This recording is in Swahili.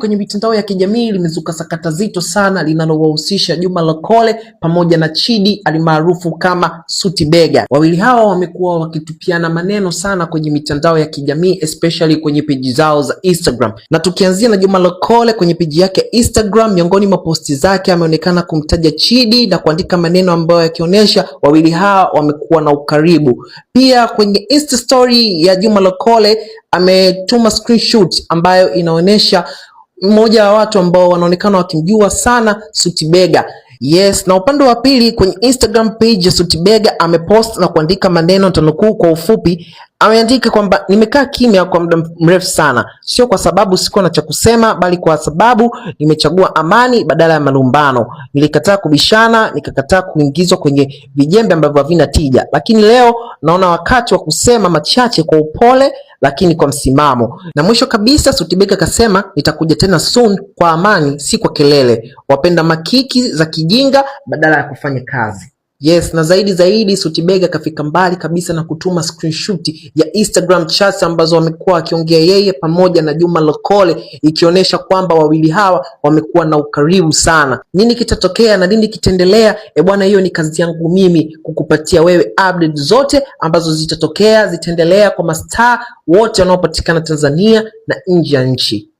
kwenye mitandao ya kijamii limezuka sakata zito sana linalowahusisha Juma Lokole pamoja na Chidi alimaarufu kama Suti Bega. Wawili hawa wamekuwa wakitupiana maneno sana kwenye mitandao ya kijamii especially kwenye peji zao za Instagram. Na tukianzia na Juma Lokole kwenye peji yake Instagram, miongoni mwa posti zake ameonekana kumtaja Chidi na kuandika maneno ambayo yakionyesha wawili hawa wamekuwa na ukaribu. Pia kwenye Insta story ya Juma Lokole ametuma screenshot ambayo inaonyesha mmoja wa watu ambao wanaonekana wakimjua sana Sutibega. Yes, na upande wa pili kwenye Instagram page Sutibega amepost na kuandika maneno tanukuu kwa ufupi ameandika kwamba nimekaa kimya kwa muda mrefu sana, sio kwa sababu sikuwa na cha kusema, bali kwa sababu nimechagua amani badala ya malumbano. Nilikataa kubishana, nikakataa kuingizwa kwenye vijembe ambavyo havina tija, lakini leo naona wakati wa kusema machache kwa upole lakini kwa msimamo. Na mwisho kabisa, Sutibeka akasema nitakuja tena soon, kwa amani, si kwa kelele. Wapenda makiki za kijinga badala ya kufanya kazi. Yes, na zaidi zaidi Bega kafika mbali kabisa na kutuma screenshot ya Instagram chats ambazo wamekuwa wakiongea yeye pamoja na Juma Lokole, ikionyesha kwamba wawili hawa wamekuwa na ukaribu sana. Nini kitatokea na nini kitaendelea? E bwana, hiyo ni kazi yangu mimi kukupatia wewe update zote ambazo zitatokea, zitaendelea kwa mastaa wote wanaopatikana Tanzania na nje ya nchi.